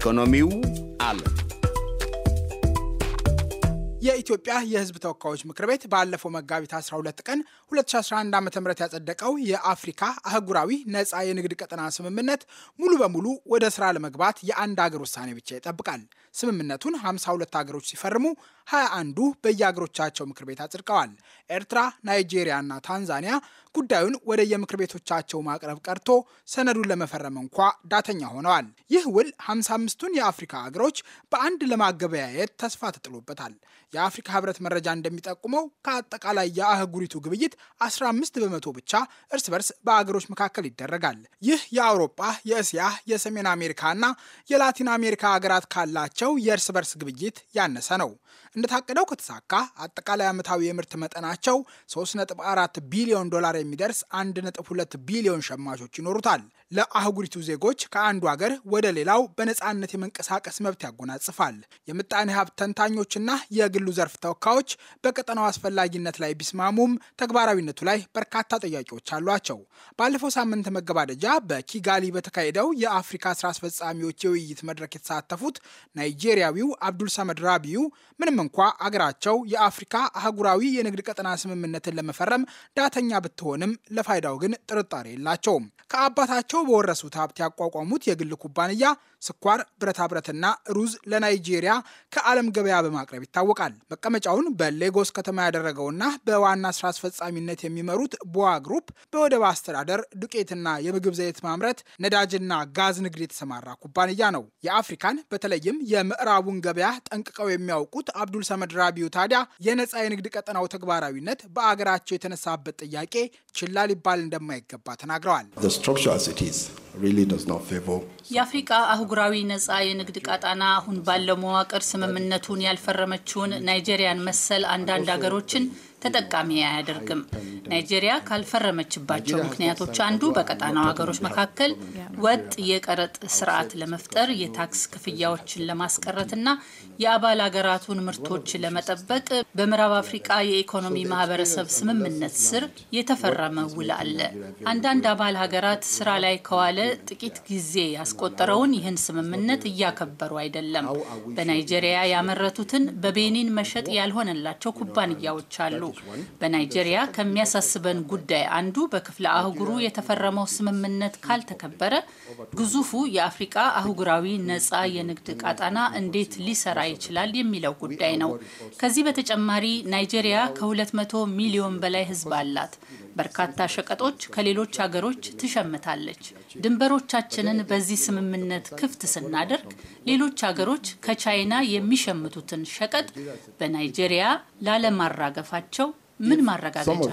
ኢኮኖሚው አለ። የኢትዮጵያ የሕዝብ ተወካዮች ምክር ቤት ባለፈው መጋቢት 12 ቀን 2011 ዓ ም ያጸደቀው የአፍሪካ አህጉራዊ ነፃ የንግድ ቀጠና ስምምነት ሙሉ በሙሉ ወደ ስራ ለመግባት የአንድ አገር ውሳኔ ብቻ ይጠብቃል። ስምምነቱን 52 አገሮች ሲፈርሙ 21ዱ በየአገሮቻቸው ምክር ቤት አጽድቀዋል። ኤርትራ፣ ናይጄሪያ እና ታንዛኒያ ጉዳዩን ወደ የምክር ቤቶቻቸው ማቅረብ ቀርቶ ሰነዱን ለመፈረም እንኳ ዳተኛ ሆነዋል። ይህ ውል 55ቱን የአፍሪካ አገሮች በአንድ ለማገበያየት ተስፋ ተጥሎበታል። የአፍሪካ ህብረት መረጃ እንደሚጠቁመው ከአጠቃላይ የአህጉሪቱ ግብይት 15 በመቶ ብቻ እርስ በርስ በአገሮች መካከል ይደረጋል። ይህ የአውሮጳ፣ የእስያ፣ የሰሜን አሜሪካ እና የላቲን አሜሪካ አገራት ካላቸው የእርስ በርስ ግብይት ያነሰ ነው። እንደታቀደው ከተሳካ አጠቃላይ ዓመታዊ የምርት መጠናቸው 3.4 ቢሊዮን ዶላር የሚደርስ 1.2 ቢሊዮን ሸማቾች ይኖሩታል። ለአህጉሪቱ ዜጎች ከአንዱ ሀገር ወደ ሌላው በነፃነት የመንቀሳቀስ መብት ያጎናጽፋል። የምጣኔ ሀብት ተንታኞችና የግሉ ዘርፍ ተወካዮች በቀጠናው አስፈላጊነት ላይ ቢስማሙም ተግባራዊነቱ ላይ በርካታ ጥያቄዎች አሏቸው። ባለፈው ሳምንት መገባደጃ በኪጋሊ በተካሄደው የአፍሪካ ስራ አስፈጻሚዎች የውይይት መድረክ የተሳተፉት ናይጄሪያዊው አብዱል ሰመድ ራቢዩ ምንም እንኳ አገራቸው የአፍሪካ አህጉራዊ የንግድ ቀጠና ስምምነትን ለመፈረም ዳተኛ ብትሆንም ለፋይዳው ግን ጥርጣሬ የላቸውም። ከአባታቸው እሳቸው በወረሱት ሀብት ያቋቋሙት የግል ኩባንያ ስኳር፣ ብረታ ብረትና ሩዝ ለናይጄሪያ ከዓለም ገበያ በማቅረብ ይታወቃል። መቀመጫውን በሌጎስ ከተማ ያደረገውና በዋና ስራ አስፈጻሚነት የሚመሩት ቦዋ ግሩፕ በወደብ አስተዳደር፣ ዱቄትና የምግብ ዘይት ማምረት፣ ነዳጅና ጋዝ ንግድ የተሰማራ ኩባንያ ነው። የአፍሪካን በተለይም የምዕራቡን ገበያ ጠንቅቀው የሚያውቁት አብዱል ሰመድ ራቢዩ ታዲያ የነፃ የንግድ ቀጠናው ተግባራዊነት በአገራቸው የተነሳበት ጥያቄ ችላ ሊባል እንደማይገባ ተናግረዋል። የአፍሪቃ አህጉራዊ ነጻ የንግድ ቀጣና አሁን ባለው መዋቅር ስምምነቱን ያልፈረመችውን ናይጄሪያን መሰል አንዳንድ ሀገሮችን ተጠቃሚ አያደርግም። ናይጄሪያ ካልፈረመችባቸው ምክንያቶች አንዱ በቀጣናው ሀገሮች መካከል ወጥ የቀረጥ ስርዓት ለመፍጠር የታክስ ክፍያዎችን ለማስቀረትና የአባል ሀገራቱን ምርቶች ለመጠበቅ በምዕራብ አፍሪቃ የኢኮኖሚ ማህበረሰብ ስምምነት ስር የተፈረመ ውል አለ። አንዳንድ አባል ሀገራት ስራ ላይ ከዋለ ጥቂት ጊዜ ያስቆጠረውን ይህን ስምምነት እያከበሩ አይደለም። በናይጄሪያ ያመረቱትን በቤኒን መሸጥ ያልሆነላቸው ኩባንያዎች አሉ። በናይጄሪያ ከሚያሳስበን ጉዳይ አንዱ በክፍለ አህጉሩ የተፈረመው ስምምነት ካልተከበረ ግዙፉ የአፍሪቃ አህጉራዊ ነጻ የንግድ ቃጣና እንዴት ሊሰራ ይችላል የሚለው ጉዳይ ነው። ከዚህ በተጨማሪ ናይጄሪያ ከ200 ሚሊዮን በላይ ሕዝብ አላት። በርካታ ሸቀጦች ከሌሎች ሀገሮች ትሸምታለች። ድንበሮቻችንን በዚህ ስምምነት ክፍት ስናደርግ ሌሎች ሀገሮች ከቻይና የሚሸምቱትን ሸቀጥ በናይጄሪያ ላለማራገፋቸው ምን ማረጋገጫ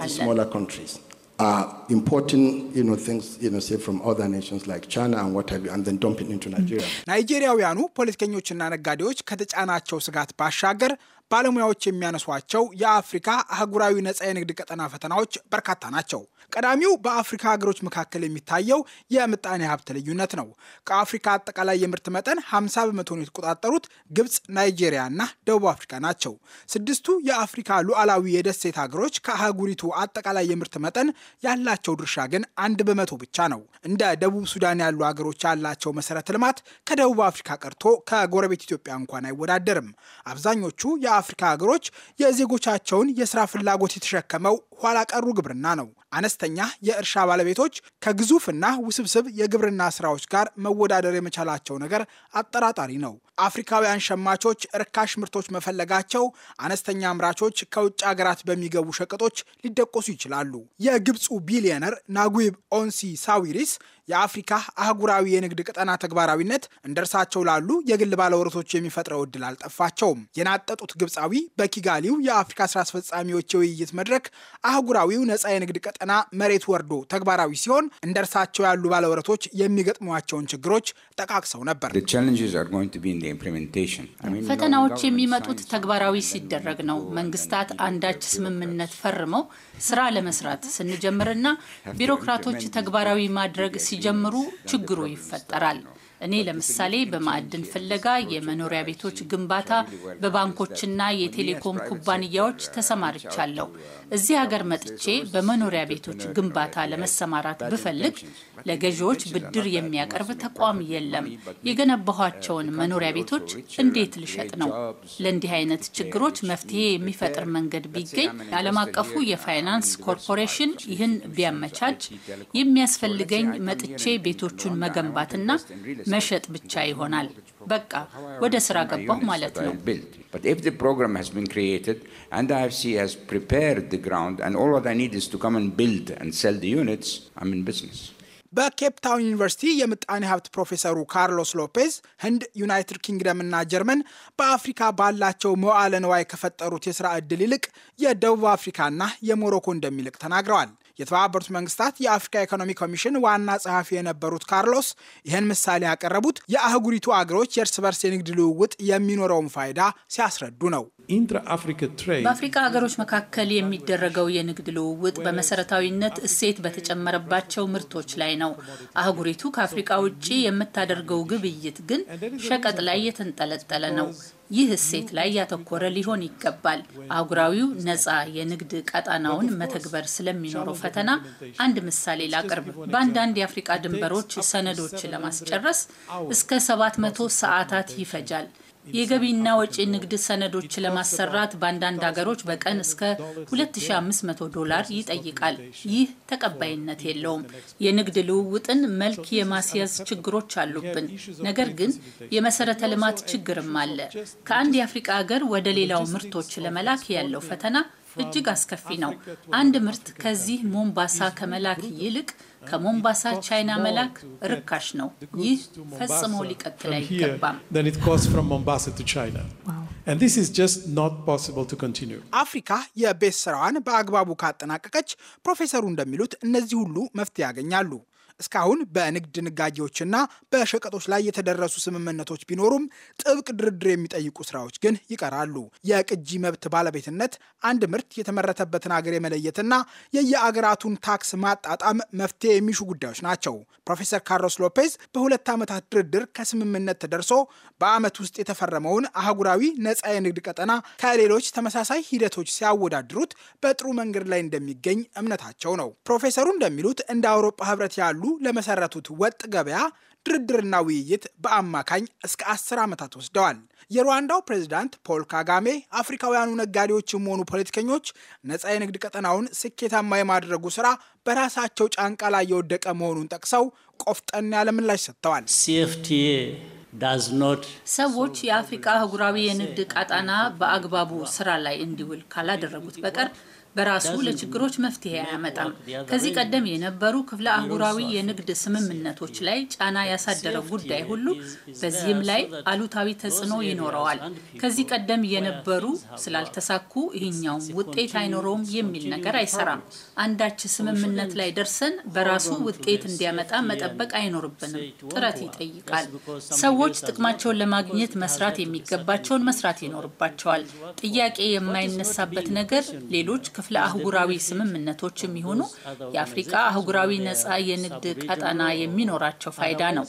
ናይጄሪያውያኑ ፖለቲከኞችና ነጋዴዎች ከተጫናቸው ስጋት ባሻገር ባለሙያዎች የሚያነሷቸው የአፍሪካ አህጉራዊ ነፃ የንግድ ቀጠና ፈተናዎች በርካታ ናቸው። ቀዳሚው በአፍሪካ ሀገሮች መካከል የሚታየው የምጣኔ ሀብት ልዩነት ነው። ከአፍሪካ አጠቃላይ የምርት መጠን 50 በመቶን የተቆጣጠሩት ግብፅ፣ ናይጄሪያ እና ደቡብ አፍሪካ ናቸው። ስድስቱ የአፍሪካ ሉዓላዊ የደሴት ሀገሮች ከአህጉሪቱ አጠቃላይ የምርት መጠን ያላቸው ድርሻ ግን አንድ በመቶ ብቻ ነው። እንደ ደቡብ ሱዳን ያሉ ሀገሮች ያላቸው መሰረተ ልማት ከደቡብ አፍሪካ ቀርቶ ከጎረቤት ኢትዮጵያ እንኳን አይወዳደርም። አብዛኞቹ አፍሪካ ሀገሮች የዜጎቻቸውን የስራ ፍላጎት የተሸከመው ኋላ ቀሩ ግብርና ነው። አነስተኛ የእርሻ ባለቤቶች ከግዙፍና ውስብስብ የግብርና ስራዎች ጋር መወዳደር የመቻላቸው ነገር አጠራጣሪ ነው። አፍሪካውያን ሸማቾች ርካሽ ምርቶች መፈለጋቸው አነስተኛ አምራቾች ከውጭ ሀገራት በሚገቡ ሸቀጦች ሊደቆሱ ይችላሉ። የግብፁ ቢሊዮነር ናጉብ ኦንሲ ሳዊሪስ የአፍሪካ አህጉራዊ የንግድ ቀጠና ተግባራዊነት እንደ እርሳቸው ላሉ የግል ባለወረቶች የሚፈጥረው እድል አልጠፋቸውም። የናጠጡት ግብፃዊ በኪጋሊው የአፍሪካ ስራ አስፈጻሚዎች የውይይት መድረክ አህጉራዊው ነፃ የንግድ ቀጠና መሬት ወርዶ ተግባራዊ ሲሆን እንደ እርሳቸው ያሉ ባለወረቶች የሚገጥሟቸውን ችግሮች ጠቃቅሰው ነበር። ፈተናዎች የሚመጡት ተግባራዊ uh, ሲደረግ ነው። መንግስታት አንዳች ስምምነት ፈርመው ስራ ለመስራት ስንጀምርና ቢሮክራቶች ተግባራዊ ማድረግ ሲ ሲጀምሩ ችግሩ ይፈጠራል። እኔ ለምሳሌ በማዕድን ፍለጋ፣ የመኖሪያ ቤቶች ግንባታ፣ በባንኮችና የቴሌኮም ኩባንያዎች ተሰማርቻለሁ። እዚህ ሀገር መጥቼ በመኖሪያ ቤቶች ግንባታ ለመሰማራት ብፈልግ ለገዢዎች ብድር የሚያቀርብ ተቋም የለም። የገነባኋቸውን መኖሪያ ቤቶች እንዴት ልሸጥ ነው? ለእንዲህ አይነት ችግሮች መፍትሄ የሚፈጥር መንገድ ቢገኝ አለም አቀፉ የፋይናንስ ኮርፖሬሽን ይህን ቢያመቻች የሚያስፈልገኝ መጥቼ ቤቶቹን መገንባትና መሸጥ ብቻ ይሆናል። በቃ ወደ ስራ ገባሁ ማለት ነው። And all what I need is to come and build and sell the units, I'm in business. በኬፕታውን ዩኒቨርሲቲ የምጣኔ ሀብት ፕሮፌሰሩ ካርሎስ ሎፔዝ ህንድ፣ ዩናይትድ ኪንግደም እና ጀርመን በአፍሪካ ባላቸው መዋለ ንዋይ ከፈጠሩት የስራ ዕድል ይልቅ የደቡብ አፍሪካና የሞሮኮ እንደሚልቅ ተናግረዋል። የተባበሩት መንግስታት የአፍሪካ ኢኮኖሚ ኮሚሽን ዋና ጸሐፊ የነበሩት ካርሎስ ይህን ምሳሌ ያቀረቡት የአህጉሪቱ አገሮች የእርስ በርስ የንግድ ልውውጥ የሚኖረውን ፋይዳ ሲያስረዱ ነው። በአፍሪካ ሀገሮች መካከል የሚደረገው የንግድ ልውውጥ በመሰረታዊነት እሴት በተጨመረባቸው ምርቶች ላይ ነው። አህጉሪቱ ከአፍሪካ ውጭ የምታደርገው ግብይት ግን ሸቀጥ ላይ የተንጠለጠለ ነው። ይህ እሴት ላይ ያተኮረ ሊሆን ይገባል። አህጉራዊው ነፃ የንግድ ቀጣናውን መተግበር ስለሚኖረው ፈተና አንድ ምሳሌ ላቅርብ። በአንዳንድ የአፍሪቃ ድንበሮች ሰነዶች ለማስጨረስ እስከ ሰባት መቶ ሰዓታት ይፈጃል። የገቢና ወጪ ንግድ ሰነዶች ለማሰራት በአንዳንድ ሀገሮች በቀን እስከ 2500 ዶላር ይጠይቃል። ይህ ተቀባይነት የለውም። የንግድ ልውውጥን መልክ የማስያዝ ችግሮች አሉብን። ነገር ግን የመሰረተ ልማት ችግርም አለ። ከአንድ የአፍሪቃ ሀገር ወደ ሌላው ምርቶች ለመላክ ያለው ፈተና እጅግ አስከፊ ነው። አንድ ምርት ከዚህ ሞምባሳ ከመላክ ይልቅ ከሞምባሳ ቻይና መላክ ርካሽ ነው። ይህ ፈጽሞ ሊቀጥል አይገባም። አፍሪካ የቤት ስራዋን በአግባቡ ካጠናቀቀች ፕሮፌሰሩ እንደሚሉት እነዚህ ሁሉ መፍትሄ ያገኛሉ። እስካሁን በንግድ ድንጋጌዎችና በሸቀጦች ላይ የተደረሱ ስምምነቶች ቢኖሩም ጥብቅ ድርድር የሚጠይቁ ስራዎች ግን ይቀራሉ። የቅጂ መብት ባለቤትነት አንድ ምርት የተመረተበትን አገር የመለየትና የየአገራቱን ታክስ ማጣጣም መፍትሄ የሚሹ ጉዳዮች ናቸው። ፕሮፌሰር ካርሎስ ሎፔዝ በሁለት ዓመታት ድርድር ከስምምነት ተደርሶ በዓመት ውስጥ የተፈረመውን አህጉራዊ ነፃ የንግድ ቀጠና ከሌሎች ተመሳሳይ ሂደቶች ሲያወዳድሩት በጥሩ መንገድ ላይ እንደሚገኝ እምነታቸው ነው። ፕሮፌሰሩ እንደሚሉት እንደ አውሮፓ ህብረት ያሉ ለመሰረቱት ወጥ ገበያ ድርድርና ውይይት በአማካኝ እስከ አስር ዓመታት ወስደዋል። የሩዋንዳው ፕሬዚዳንት ፖል ካጋሜ አፍሪካውያኑ ነጋዴዎችም ሆኑ ፖለቲከኞች ነፃ የንግድ ቀጠናውን ስኬታማ የማድረጉ ስራ በራሳቸው ጫንቃ ላይ የወደቀ መሆኑን ጠቅሰው ቆፍጠን ያለ ምላሽ ሰጥተዋል። ሰዎች የአፍሪካ አህጉራዊ የንግድ ቀጠና በአግባቡ ስራ ላይ እንዲውል ካላደረጉት በቀር በራሱ ለችግሮች መፍትሄ አያመጣም። ከዚህ ቀደም የነበሩ ክፍለ አህጉራዊ የንግድ ስምምነቶች ላይ ጫና ያሳደረው ጉዳይ ሁሉ በዚህም ላይ አሉታዊ ተጽዕኖ ይኖረዋል። ከዚህ ቀደም የነበሩ ስላልተሳኩ ይህኛውም ውጤት አይኖረውም የሚል ነገር አይሰራም። አንዳች ስምምነት ላይ ደርሰን በራሱ ውጤት እንዲያመጣ መጠበቅ አይኖርብንም። ጥረት ይጠይቃል። ሰዎች ጥቅማቸውን ለማግኘት መስራት የሚገባቸውን መስራት ይኖርባቸዋል። ጥያቄ የማይነሳበት ነገር ሌሎች ክፍለ አህጉራዊ ስምምነቶችም ይሁኑ የአፍሪቃ አህጉራዊ ነጻ የንግድ ቀጠና የሚኖራቸው ፋይዳ ነው።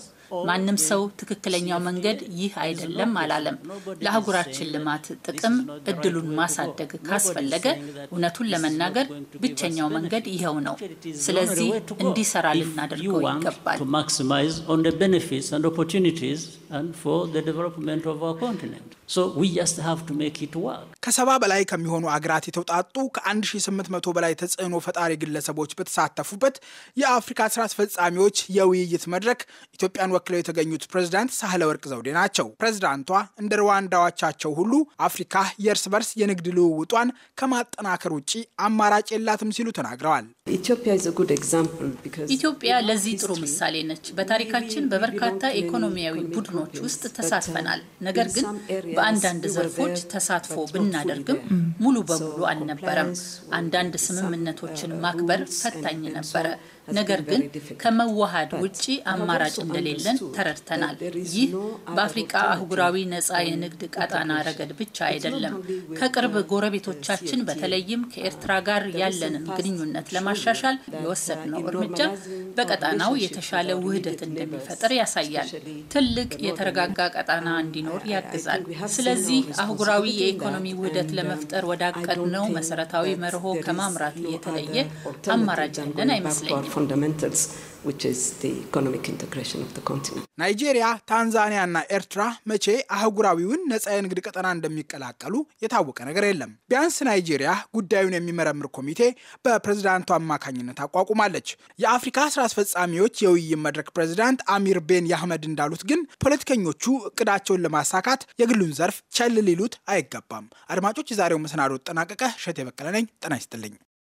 ማንም ሰው ትክክለኛው መንገድ ይህ አይደለም አላለም። ለአህጉራችን ልማት ጥቅም እድሉን ማሳደግ ካስፈለገ እውነቱን ለመናገር ብቸኛው መንገድ ይኸው ነው። ስለዚህ እንዲሰራ ልናደርገው ይገባል። ከሰባ በላይ ከሚሆኑ አገራት የተውጣጡ ከ1800 በላይ ተጽዕኖ ፈጣሪ ግለሰቦች በተሳተፉበት የአፍሪካ ስራ አስፈጻሚዎች የውይይት መድረክ ኢትዮጵያን ወክለው የተገኙት ፕሬዝዳንት ሳህለ ወርቅ ዘውዴ ናቸው። ፕሬዝዳንቷ እንደ ሩዋንዳዎቻቸው ሁሉ አፍሪካ የእርስ በርስ የንግድ ልውውጧን ከማጠናከር ውጭ አማራጭ የላትም ሲሉ ተናግረዋል። ኢትዮጵያ ለዚህ ጥሩ ምሳሌ ነች። በታሪካችን በበርካታ ኢኮኖሚያዊ ቡድኖች ውስጥ ተሳትፈናል። ነገር ግን በአንዳንድ ዘርፎች ተሳትፎ ብናደርግም ሙሉ በሙሉ አልነበረም። አንዳንድ ስምምነቶችን ማክበር ፈታኝ ነበረ። ነገር ግን ከመዋሃድ ውጪ አማራጭ እንደሌለ እንዳለን ተረድተናል። ይህ በአፍሪቃ አህጉራዊ ነጻ የንግድ ቀጣና ረገድ ብቻ አይደለም። ከቅርብ ጎረቤቶቻችን በተለይም ከኤርትራ ጋር ያለንን ግንኙነት ለማሻሻል uh, የወሰድነው እርምጃ በቀጣናው የተሻለ ውህደት እንደሚፈጥር ያሳያል። ትልቅ የተረጋጋ ቀጣና እንዲኖር ያግዛል። ስለዚህ አህጉራዊ የኢኮኖሚ ውህደት uh, ለመፍጠር ወዳቀድነው መሰረታዊ መርሆ ከማምራት የተለየ አማራጭ ያለን አይመስለኝም። ናይጄሪያ፣ ታንዛኒያ እና ኤርትራ መቼ አህጉራዊውን ነጻ የንግድ ቀጠና እንደሚቀላቀሉ የታወቀ ነገር የለም። ቢያንስ ናይጄሪያ ጉዳዩን የሚመረምር ኮሚቴ በፕሬዝዳንቱ አማካኝነት አቋቁማለች። የአፍሪካ ስራ አስፈጻሚዎች የውይይት መድረክ ፕሬዝዳንት አሚር ቤን ያህመድ እንዳሉት ግን ፖለቲከኞቹ እቅዳቸውን ለማሳካት የግሉን ዘርፍ ቸል ሊሉት አይገባም። አድማጮች፣ የዛሬው መሰናዶ ተጠናቀቀ። እሸቴ በቀለ ነኝ። ጤና ይስጥልኝ።